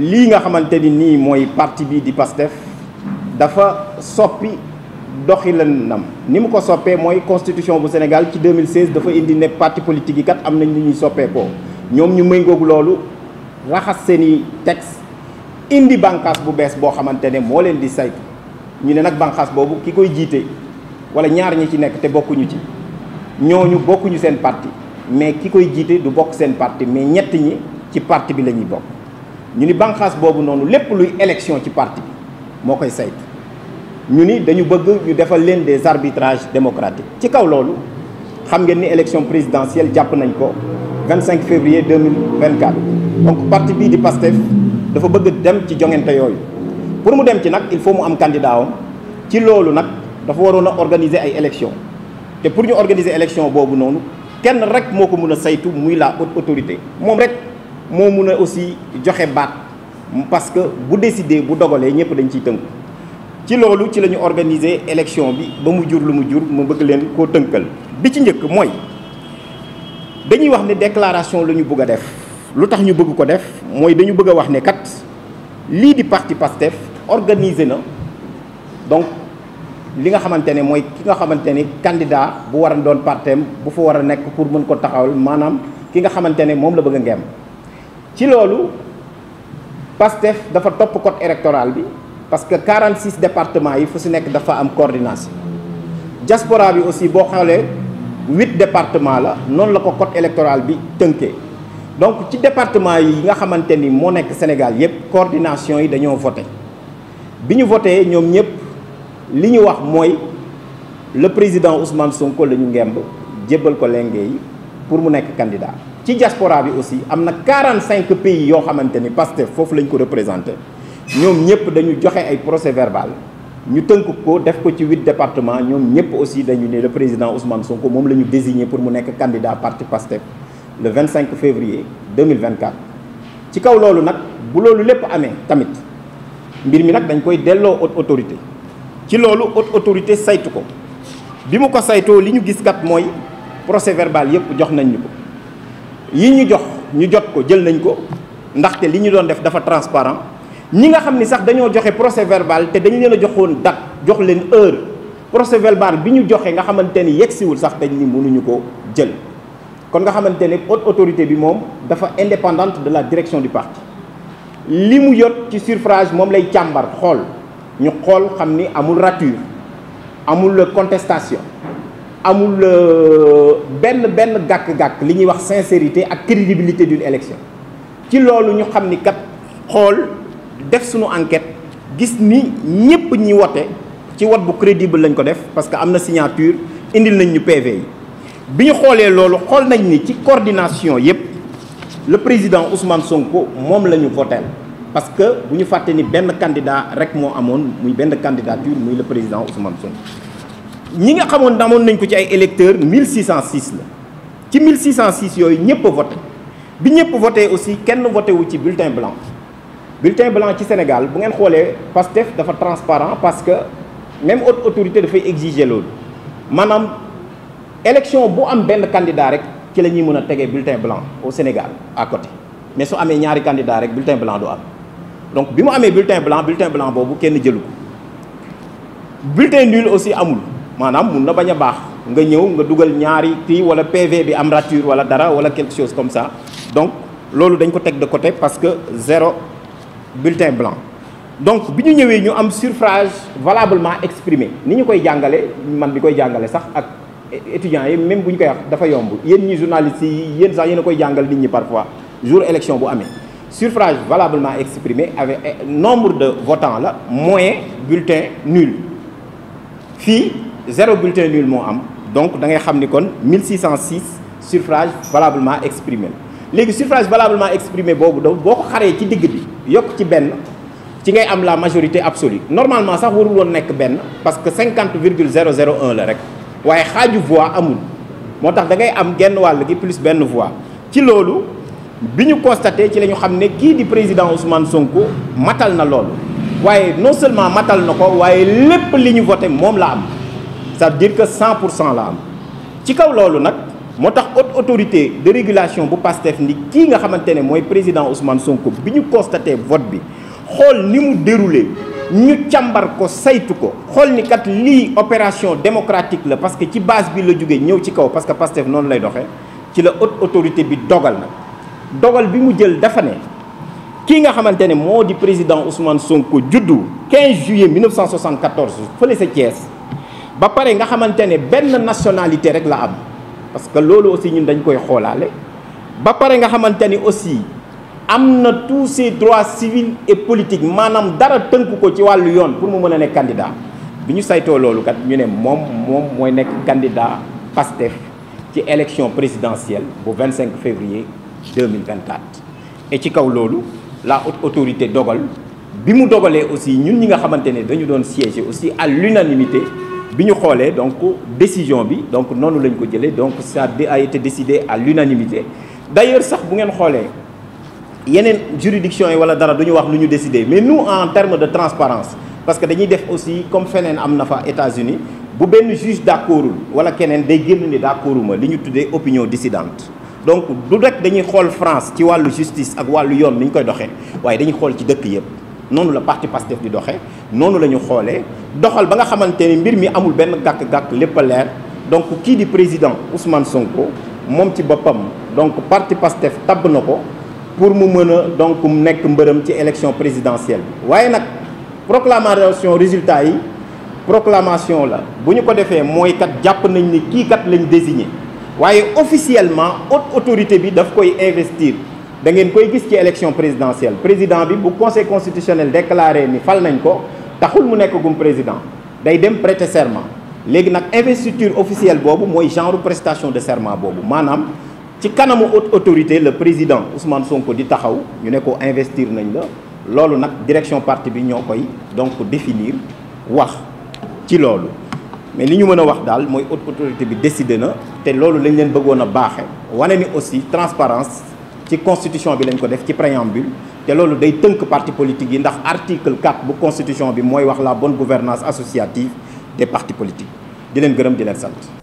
lii nga xamante ni nii mooy parti bi di PASTEF dafa soppi la doxilinam ni mu ko soppee mooy constitution bu senegal ci 2016 dafa indi ne parti politique yi kat am nañ lu ñuy soppeekoo ñoom ñu méngoog loolu raxas seeni texte indi banqaas bu bees boo xamante ne moo leen di saytu ñu ne nag bànqaas boobu ki koy jiite wala ñaar ñi ci nekk te bokkuñu ci. ñu bokkuñu seen parti mais ki koy jiite du bokk seen parti mais ñett ñi ci parti bi la ñuy bokk ñu ni bànqaas boobu noonu lépp luy élection ci parti bi moo koy saytu ñu ni dañu bëgg ñu defal leen des arbitrages démocratiques ci kaw loolu xam ngeen ni élection présidentielle jàpp nañ ko 25 février 2024 donc parti bii di PASTEF dafa bëgg dem ci joŋante yooyu pour mu dem ci nag il faut mu am candidat am ci loolu nag dafa waroon a organiser ay élection te pour ñu organiser élection boobu noonu kenn rek moo ko mun a saytu muy la haute autorité moom rek moo mun a aussi joxe baat parce que bu décider bu dogalee ñëpp dañ ciy tënk ci loolu ci la ñu organiser élection bi ba mu jur lu mu jur ma bëgg leen koo tënkal bi ci njëkk mooy dañuy wax ne déclaration la ñu bëgg a def lu tax ñu bëgg ko def mooy dañu bëgg a wax ne kat lii di parti PASTEF organiser na donc li nga xamante ne mooy ki nga xamante ni candidat bu war a doon partem bu fa war a nekk pour mën ko taxawal maanaam ki nga xamante ne moom la bëgg a ngeem ci loolu PASTEF dafa topp cot électoral bi parce que 46 départements yi fu si nekk dafa am coordination diaspora bi aussi boo xoolee huit départements la noonu la ko code électoral bi tënkee donc ci département yi nga xamante ni moo nekk Sénégal yëpp coordination yi dañoo voté bi ñu voté ñoom ñëpp. li ñu wax mooy le président Ousmane Sonko la ñu ngemb jébbal ko lenge yi pour mu nekk candidat ci diaspora bi aussi am na 45 pays yoo xamante ni Pastef foofu lañ ko représenté ñoom ñëpp dañu joxe ay procès verbal ñu tënk ko def ko ci huit départements ñoom ñëpp aussi dañu ne le président Ousmane Sonko moom la ñu désigné pour mu nekk candidat parti Pastef le 25 février 2024. ci kaw loolu nag bu loolu lépp amee tamit mbir mi nag dañ koy delloo haute autorité. ci loolu haute autorité saytu ko bi mu ko saytoo li ñu gis kat mooy procès verbal yëpp jox nañ ñu ko yi ñu jox ñu jot ko jël nañ ko ndaxte li ñu doon def dafa transparent ñi nga xam ni sax dañoo joxe procès verbal te dañu leen a joxoon date jox leen heure procès verbal bi ñu joxee nga xamante ni yegsiwul sax dañ ni mënuñu ko jël kon nga xamante ne haute autorité bi moom dafa indépendante de la direction du parti li mu jot ci surfrage moom lay càmbar xool ñu xool xam ni amul rature amul contestation amul benn benn gàkk-gàkk li ñuy wax sincérité ak crédibilité d'une élection ci loolu ñu xam ni kat xool def suñu enquête gis ni ñëpp ñi wote ci wot bu crédible lañ ko def parce que am na signature indil nañ ñu PV yi bi ñu xoolee loolu xool nañ ni ci coordination yëpp le président Ousmane Sonko moom la ñu voté parce que bu ñu fàtte ni benn candidat rek moo amoon muy benn candidature muy le président Ousmane Sonko ñi nga xamoon damoon nañ ko ci ay électeurs 1606 la ci 1606 yooyu ñëpp a voté bi ñëpp voté aussi kenn voté wu ci bulletin blanc le bulletin blanc ci Sénégal bu ngeen xoolee Pastef dafa transparent parce que même ot autorité dafay exiger loolu maanaam élection boo am benn candidat rek ci la ñuy mën a tegee bulletin blanc au Sénégal à côté mais su amee ñaari candidat rek bulletin blanc du am donc bi mu amee bulletin blanc bulletin blanc boobu kenn jëlu ko nul aussi amul maanaam mun na bañ a baax nga ñëw nga dugal ñaari kii wala PV bi am rature wala dara wala quelque chose comme sax donc loolu dañ ko teg de côté parce que zéro bulletin blanc donc bi ñu ñëwee ñu am surfrage valablement exprimé ni ñu koy jàngale man bi koy jàngale sax ak étudiants yi même bu ñu koy wax dafa yomb yéen ñi journalistes yi yéen sax yéen a koy jàngal nit ñi parfois jour élection bu amee suffrage valablement exprimé avec eh, nombre de votants la moyen bulletin nul fii zéro bulletin nul moo am donc dangay xam ni kon 1606 suffrage valablement exprimé léegi suffrage valablement exprimé boobu da boo ko xaree ci digg bi yokk ci benn ci ngay am la majorité absolue normalement sax warul woon nekk benn parce que cinquante virgule 001 la rek waaye xaaju voix amul moo tax da ngay am genn wàll gi plus benn voix ci loolu bi ñu constaté ci la ñu xam ne kii di président Ousmane Sonko matal na loolu waaye non seulement matal na ko waaye lépp li ñu voté moom la am sa à dire que pour cent la am ci kaw loolu nag moo tax haute autorité de régulation bu PASTEF ni kii nga xamante ne mooy président Ousmane Sonko bi ñu constaté vote bi xool ni mu déroulé ñu càmbar ko saytu ko xool ni kat lii opération democratique la parce que ci base bi la jógee ñëw ci kaw parce que PASTEF noonu lay doxee ci la haute autorité bi dogal nag dogal bi mu jël dafa ne kii nga xamante ne moo di président Ousmane Sonko juddu 15 juillet 1974 fële sa Thiès ba pare nga xamante ne benn nationalité rek la am parce que loolu aussi ñun dañ koy xoolaale ba pare nga xamante ni aussi am na tous ses droits civils et politiques maanaam dara tënk ko ci wàllu yoon pour mu mën a nekk candidat bi ñu saytoo loolu kat ñu ne moom moom mooy nekk candidat PASTEF ci élection présidentielle bu 25 février 2024 et ci kaw loolu la haute autorité dogal bi mu dogalee aussi ñun ñi nga xamante ne dañu doon siéger aussi à l'unanimité bi ñu xoolee donc décision bi donc noonu lañ ko jëlee donc ça a été décidé à l'unanimité d'ailleurs sax bu ngeen xoolee yeneen juridiction yi wala dara du wax lu ñu décidé mais nous en terme de transparence parce que dañuy def aussi comme feneen am na fa États-Unis bu benn juge d'accordul wala keneen day génn ni ma li ñu tuddee opinion dissidente donc du rek dañuy xool France ci wàllu justice ak wàllu yoon ni ñu koy doxee waaye dañuy xool ci dëkk yëpp noonu la parti Pastef di doxee noonu la ñu xoolee doxal ba nga xamante ni mbir mi amul benn gàkk-gàkk lépp a leer donc kii di président Ousmane Sonko moom ci boppam donc parti Pastef tabb na ko pour mu mën a donc nekk mbërëm ci élection présidentielle bi waaye nag proclamation résultat yi proclamation la bu ñu ko defee mooy kat jàpp nañ ni kii kat lañ désigné waaye officiellement haute autorité bi daf koy investir da ngeen koy gis ci élection présidentielle président bi bu conseil constitutionnel déclaré ni fal nañ ko taxul mu nekk gum président day dem prêter serment léegi nag investiture officielle boobu mooy genre prestation de serment boobu maanaam ci kanamu haute autorité la président son ko di taxaw ñu ne ko investir nañ la loolu nag direction parti bi ñoo koy donc définir wax ci loolu mais li ñu mën a wax daal mooy haute autorité bi décidé na te loolu lañ leen bëggoon a baaxe wane ni aussi transparence ci constitution bi lañ ko def ci préambule te loolu day tënk parti politique yi ndax article 4 bu constitution bi mooy wax la bon gouvernance associative des parti politiques di leen gërëm di leen sant